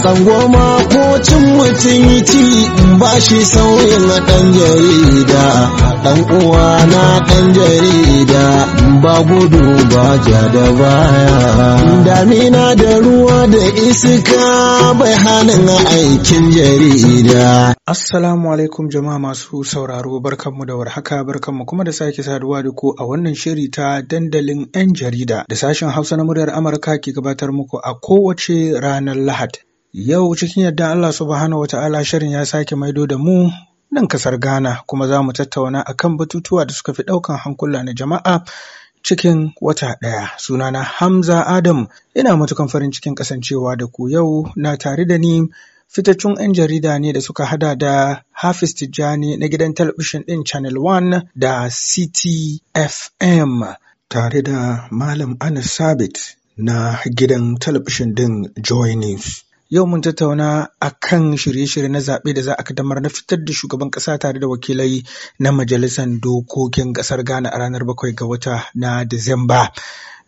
tsangwama ko cin mutum ci ba shi sauyin na ɗan jarida ɗan uwa na ɗan jarida ba gudu ba ja da baya damina da ruwa da iska bai hannun aikin jarida assalamu alaikum jama'a masu sauraro barkanmu da warhaka barkanmu kuma da sake saduwa da ku a wannan shiri ta dandalin 'yan jarida da sashen hausa na muryar amurka ke gabatar muku a kowace ranar Lahadi. Yau cikin yadda Allah subhanahu wata'ala shirin ya sake maido da mu nan kasar Ghana kuma za mu tattauna akan batutuwa da suka fi ɗaukan hankula na jama'a cikin wata ɗaya. Sunana Hamza Adam ina matukan farin cikin kasancewa da ku yau na tare da ni fitaccun 'yan jarida ne da suka hada da Hafiz Tijjani na gidan talabishin ɗin Channel One da CTFM tare da Malam Anas Sabit na gidan talabishin ɗin Joy News. Yau mun tattauna a kan shirye-shirye na zaɓe da za a kaddamar na fitar da shugaban ƙasa tare da wakilai na Majalisar Dokokin ƙasar Ghana a ranar bakwai ga wata na Disamba,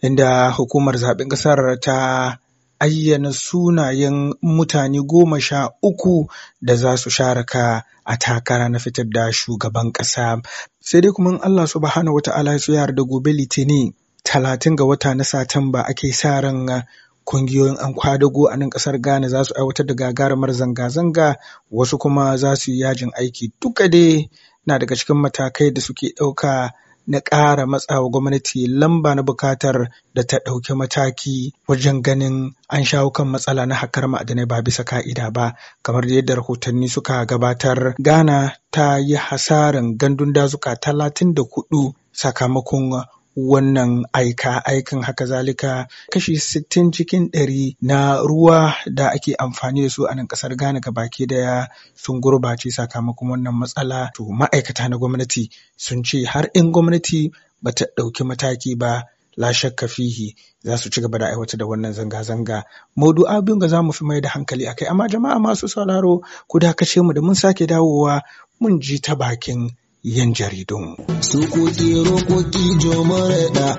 inda hukumar zaɓen ƙasar ta ayyana sunayen mutane goma sha uku da za su sharaka a takara na fitar da shugaban ƙasa. Sai dai kuma Allah subhanahu wa ta'ala ya da gobe Litinin talatin ga wata na Satamba ake sa ran kungiyoyin an kwadago a nan kasar Ghana za su aiwatar da gagarumar zanga-zanga wasu kuma za su yi yajin aiki duka dai na daga cikin matakai da suke ɗauka na ƙara matsawa gwamnati lamba na bukatar da ta ɗauki mataki wajen ganin an shawo kan matsala na hakar ma'adanai ba bisa ka'ida ba kamar yadda rahotanni suka gabatar ghana ta yi hasarin gandun dazuka talatin da huɗu sakamakon wannan aika aikin haka zalika kashi sittin cikin ɗari na ruwa da ake amfani da su a nan kasar Ghana baki daya sun gurbace sakamakon wannan matsala to ma'aikata na gwamnati sun ce har in gwamnati bata ɗauki mataki ba la shakka fihi za su ci gaba da aiwatar da wannan zanga-zanga Maudu abin ga za mu fi mai da hankali akai amma jama'a masu sauraro ku dakace mu da mun sake dawowa mun ji ta bakin 'yan jaridun. Sukuki rokoki da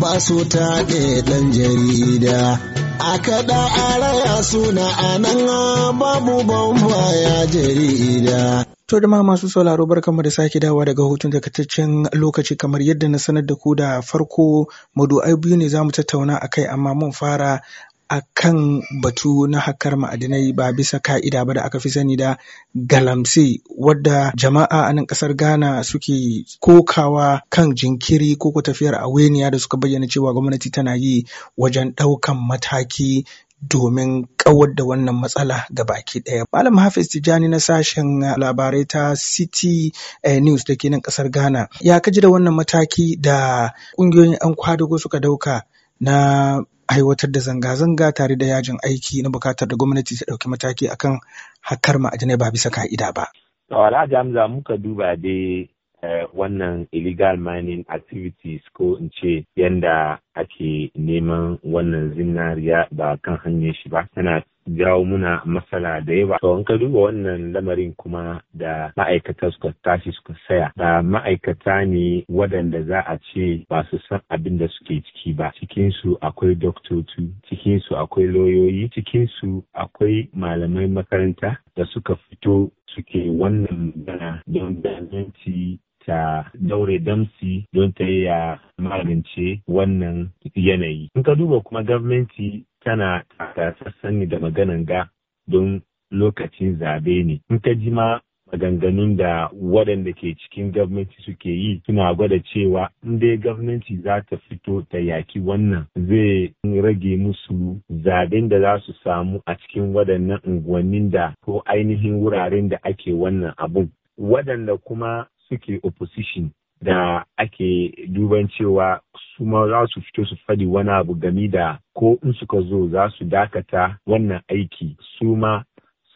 ba su taɗe ɗan jarida. A kaɗa a raya suna a nan babu ya jarida. To da masu sauraro kamar da sake dawa daga hutun takaitaccen lokaci kamar yadda na sanar da ku da farko maduai biyu ne za mu tattauna a kai amma mun fara A kan batu na hakar ma'adinai ba bisa ka'ida ba da aka fi sani da galamse wadda jama'a a nan kasar ghana suke kokawa kan jinkiri ko tafiyar aweniya da suka bayyana cewa gwamnati tana yi wajen ɗaukan mataki domin kawar da wannan matsala ga baki ɗaya. Malam Hafiz Tijani na sashen labarai ta City eh, News da ke nan ƙasar Ghana ya kaji da wannan mataki da ƙungiyoyin 'yan kwadago suka dauka na aiwatar da zanga-zanga tare da yajin aiki na bukatar da gwamnati ta ɗauki mataki akan hakar ma'adinai ba bisa ka'ida ba. Tawala Alhaji muka duba dai Eh, wannan illegal mining activities ko in ce yanda ake neman wannan zinariya ba kan hanyar shi ba tana jawo muna matsala da yawa. To, in ka duba wannan lamarin kuma da ma'aikata suka tashi suka saya, ba ma'aikata ne waɗanda za a ce ba su san abin da suke ciki ba. Cikinsu akwai doktoci, cikinsu akwai lauyoyi, cikinsu akwai malamai makaranta da suka fito suke wannan magana don ganganci ta daure damsi don ta yi ya magance wannan yanayi. In ka duba kuma gwamnati tana tasassan ne da maganan ga don lokacin zabe ne. In ka ji ma maganganun da waɗanda ke cikin gwamnati suke yi suna gwada cewa in dai gwamnati za ta fito ta yaki wannan zai rage musu zaben da za su samu a cikin waɗannan unguwannin da ko ainihin wuraren da ake wannan abun. Waɗanda kuma suke opposition da ake duban cewa su ma za su fito su fadi wani abu game da ko in suka zo za su dakata wannan aiki su ma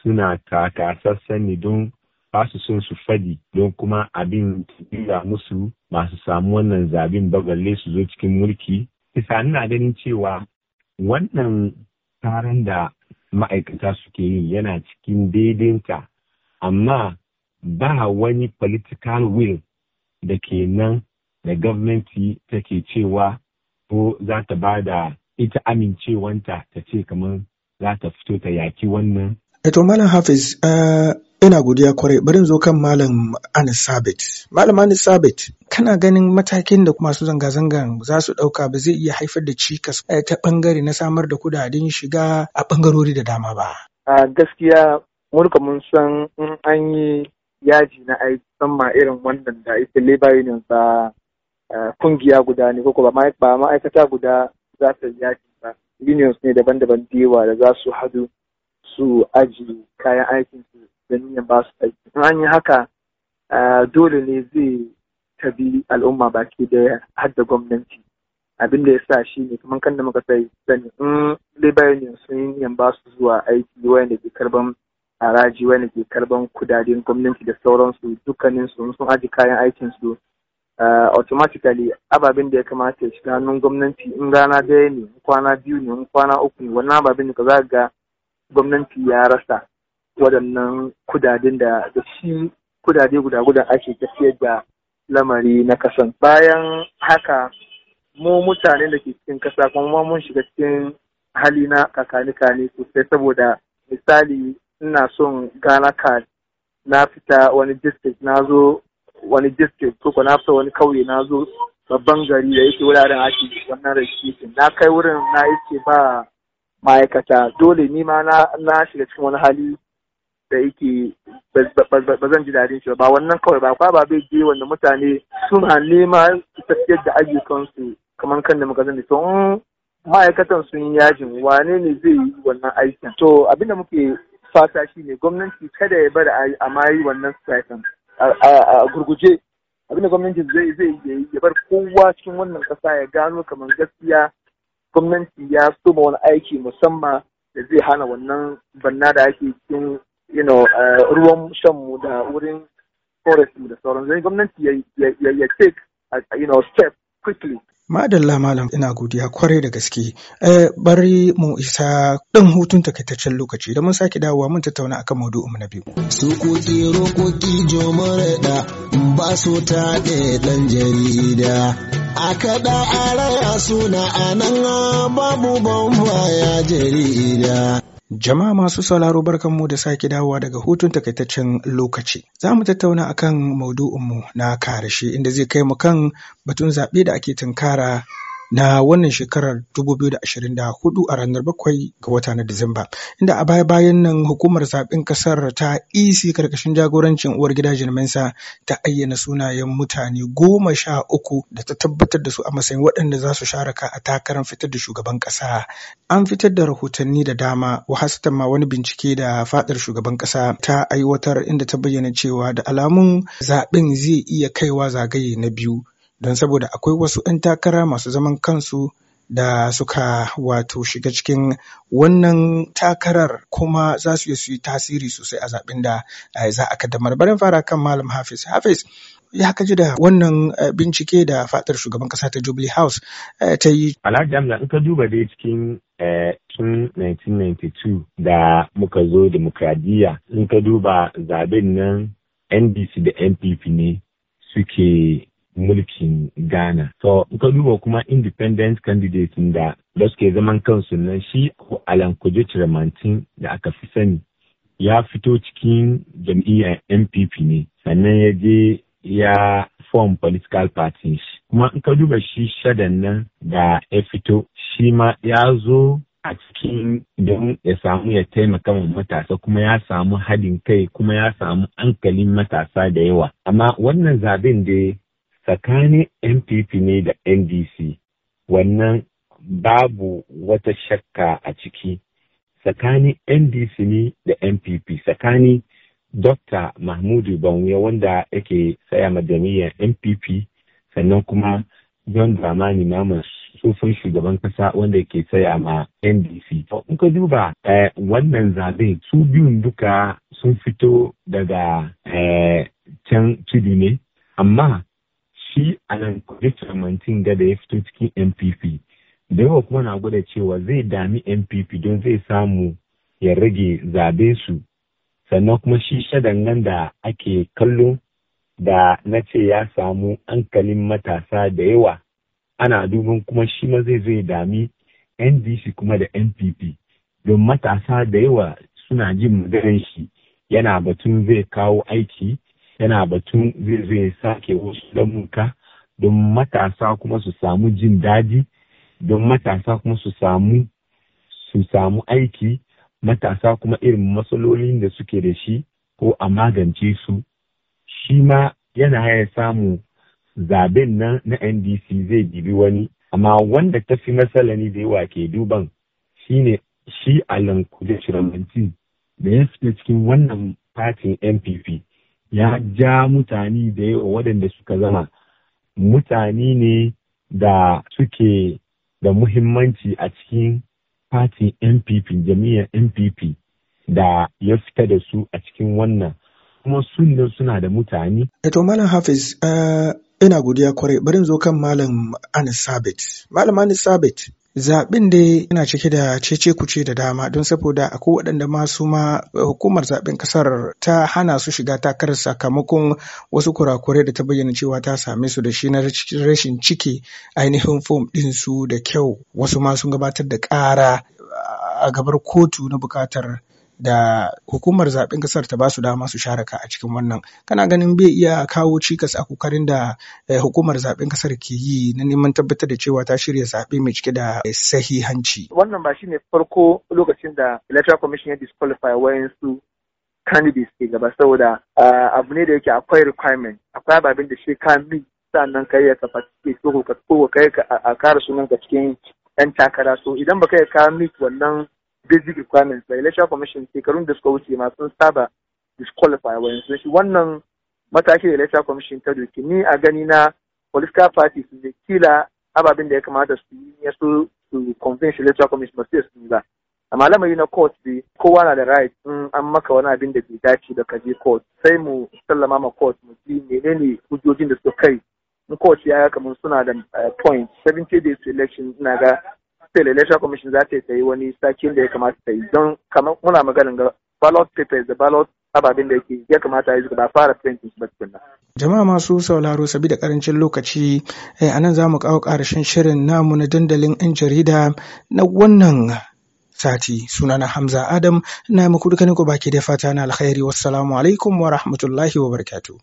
suna takasassan ne don ba su son su fadi don kuma abin tafiya musu masu samu wannan zabin bagalle su zo cikin mulki. Isa ina ganin cewa wannan taron da ma'aikata suke yi yana cikin daidaita amma ba wani political will da ke nan da gwamnati take cewa ko za ta ba da ita amincewanta ta ce kamar za ta fito ta yaki wannan. Eto eh, Malam Hafiz, eh, ina godiya kwarai bari zo kan Malam Anis Sabit. Malam Anis Sabit, kana ganin matakin da masu zanga-zangan za su ɗauka ba zai iya haifar da cikas eh, ta ɓangare na samar da kudaden shiga a ɓangarori da dama ba. A gaskiya mulka mun san in an yi yaji na aiki musamman irin wannan da ita labor union ba eh, kungiya guda ne ko ba ma'aikata guda za ta yaji ba unions ne daban-daban dewa da za su hadu su aji kayan aikin su da niyan ba su aiki in an yi haka eh, dole ne zai tabi al'umma baki daya hadda gwamnati abin da ya sa shi ne kamar kan da muka sai sani in labor union sun yi niyan ba su zuwa aiki da ke karban haraji wani ke karban kudaden gwamnati da sauransu dukkanin su sun aji kayan aikin su eh, automatically ababen da ya kamata ya shiga hannun gwamnati in rana daya ne in kwana biyu ne in kwana uku ne wannan ababen da ka za ga gwamnati ya rasa waɗannan kudaden da da shi kudade guda guda ake tafiyar da lamari na kasan bayan haka mu mutane da ke cikin kasa kuma mun shiga cikin hali na kakanika kane sosai saboda misali ina son Ghana card. na fita wani district na zo wani district ko na fita wani kauye na zo babban gari da yake wuraren ake wannan registration na kai wurin na yake ba ma'aikata dole ni ma na shiga cikin wani hali da yake ba zan ji daɗin shi ba wannan kawai ba ba bai je wanda mutane suna nema su tafiyar da ayyukansu kamar kan da muka zan to ma'aikatan sun yajin wane ne zai yi wannan aikin to abinda muke fata shi ne gwamnati kada ya bar a mayi wannan stipend a gurguje abinda gwamnati zai zai yi ya bar kowa cikin wannan kasa ya gano kamar gaskiya gwamnati ya soma wani aiki musamman da zai hana wannan banna da ake cikin you know ruwan shanmu da wurin forest da sauran zai gwamnati ya take you know step quickly Madalla malam ina godiya kwarai da gaske. Eh, bari mu isa ɗan hutun takaitaccen lokaci da mun sake dawowa mun tattauna akan maudu na biyu. Sukoki rokoki jomaraɗa ba su ta ɗan jarida. A kaɗa a raya suna a nan babu ban jarida. Jama'a masu sauraro barkanmu da sake dawowa daga hutun takaitaccen lokaci. Za mu tattauna akan maudu'inmu na karshe inda zai kai mu kan batun zaɓe da ake tunkara na wannan shekarar 2024 a ranar bakwai ga wata na Disamba. Inda a baya-bayan nan hukumar zaɓen ƙasar ta EC karkashin jagorancin uwar gida Mensa ta ayyana sunayen mutane goma sha uku da ta tabbatar da su a matsayin waɗanda za su sharaka a takarar fitar da shugaban ƙasa. An fitar da rahotanni da dama wahasatan ma wani bincike da faɗar shugaban ƙasa ta aiwatar inda ta bayyana cewa da alamun zaɓen zai iya kaiwa zagaye na biyu don saboda akwai wasu 'yan takara masu zaman kansu da suka wato shiga cikin wannan takarar kuma za su yi tasiri sosai a zaɓin da eh, za a kaddamar. Barin fara kan Malam Hafiz. Hafiz, ya kaji da wannan eh, bincike da faɗar shugaban kasa ta Jubilee House eh, ta yi. Alhaji Amla, in ka duba dai cikin 1992 da muka zo demokradiyya in ka duba zaben nan NDC da NPP ne suke mulkin Ghana. So, in ka duba kuma independent candidate da da suke zaman kansu nan shi ko Alan Kojo da aka fi sani ya fito cikin jam'iyyar NPP ne, sannan ya je ya form political parties. Kuma in ka duba shi shadan nan da ya fito, shi ma ya zo a cikin don ya samu ya taimaka wa matasa kuma ya samu haɗin kai kuma ya samu ankalin matasa da yawa. Amma wannan zaben da tsakanin npp ne da ndc wannan babu wata shakka a ciki tsakanin ndc ne da npp tsakanin dr mahmudu Bawumia wanda yake tsaya madaniyar npp sannan kuma john dramani naman tsofin shugaban kasa wanda ke tsaya ma ndc in ka duba eh, wannan zaben su biyun duka sun fito daga eh, can tudu ne amma shi a nan covid-19 da ya fito cikin npp da yawa kuma na gwada cewa zai dami npp don zai samu ya rage zabe su sannan kuma shi nan da ake kallo da na ce ya samu hankalin matasa da yawa ana duban kuma shi ma zai zai dami ndc kuma da npp don matasa da yawa suna jin maganar shi yana batun zai kawo aiki yana batun zai zo ya sake wasu damunka, don matasa kuma su samu jin daji don matasa kuma su samu su samu aiki matasa kuma irin matsalolin da suke da shi ko a magance su shi ma yana haya samu zaben nan na ndc zai gibi wani amma wanda ta fi matsalani da yawa ke duban shine shi alan kudin shiramanti da ya cikin wannan fatin npp ya ja mutane da yawa waɗanda suka zama mutane ne da suke da muhimmanci a cikin fatin npp jami'ar npp da ya fita da su a cikin wannan kuma sunna suna da mutane. Eto eh, Malam Hafiz, eh, ina godiya kwarai bari zo kan Malam Anis Sabit. Malam Anis Zaɓen da yana cike da cece-kuce da dama don saboda akwai waɗanda ma ma eh, hukumar zaɓen ƙasar ta hana su shiga takarar sakamakon wasu kurakurai da ta bayyana cewa ta same su da shi na rashin ciki ainihin fom ɗinsu da kyau wasu ma sun gabatar da ƙara a gabar kotu na buƙatar da hukumar zaben kasar ta ba su dama su sharaka a cikin wannan kana ganin bai iya kawo cikas a kokarin da eh, hukumar zaben kasar ke yi na neman tabbatar da cewa ta shirya zaɓe mai cike da eh, sahihanci wannan ba ne farko lokacin da electoral commission ya disqualify su candidates ke gaba saboda eh, abu ne da yake akwai requirement akwai ababen da shi ka mi sannan kai ya kafa ko ka kai a kara sunan ka cikin yan takara so idan baka ka mi wannan basic requirements da election commission shekarun da suka wuce masu saba disqualify wayansu shi wannan mataki da election commission ta doki ni a gani na political parties da kila ababen da ya kamata su yi ya so su convince electoral commission ba sai su ba amma lamari na court dai kowa na da right in an maka wani abin da ke dace da kaje court sai mu sallama ma court mu ji menene hujjojin da suka kai in court ya kamar suna da eh, point 70 days to election ina ga state election commission za ta yi wani sakin da ya kamata ta yi don kamar muna maganin ga ballot papers da ballot ababen da yake ya kamata yi ba fara printing ba tukunna. Jama'a masu sauraro sabi da karancin lokaci eh, a nan za mu kawo karshen shirin namu na dandalin 'yan jarida na wannan sati sunana Hamza Adam na muku dukkanin ku baki da fata na alkhairi wassalamu alaikum wa rahmatullahi wa barakatuh.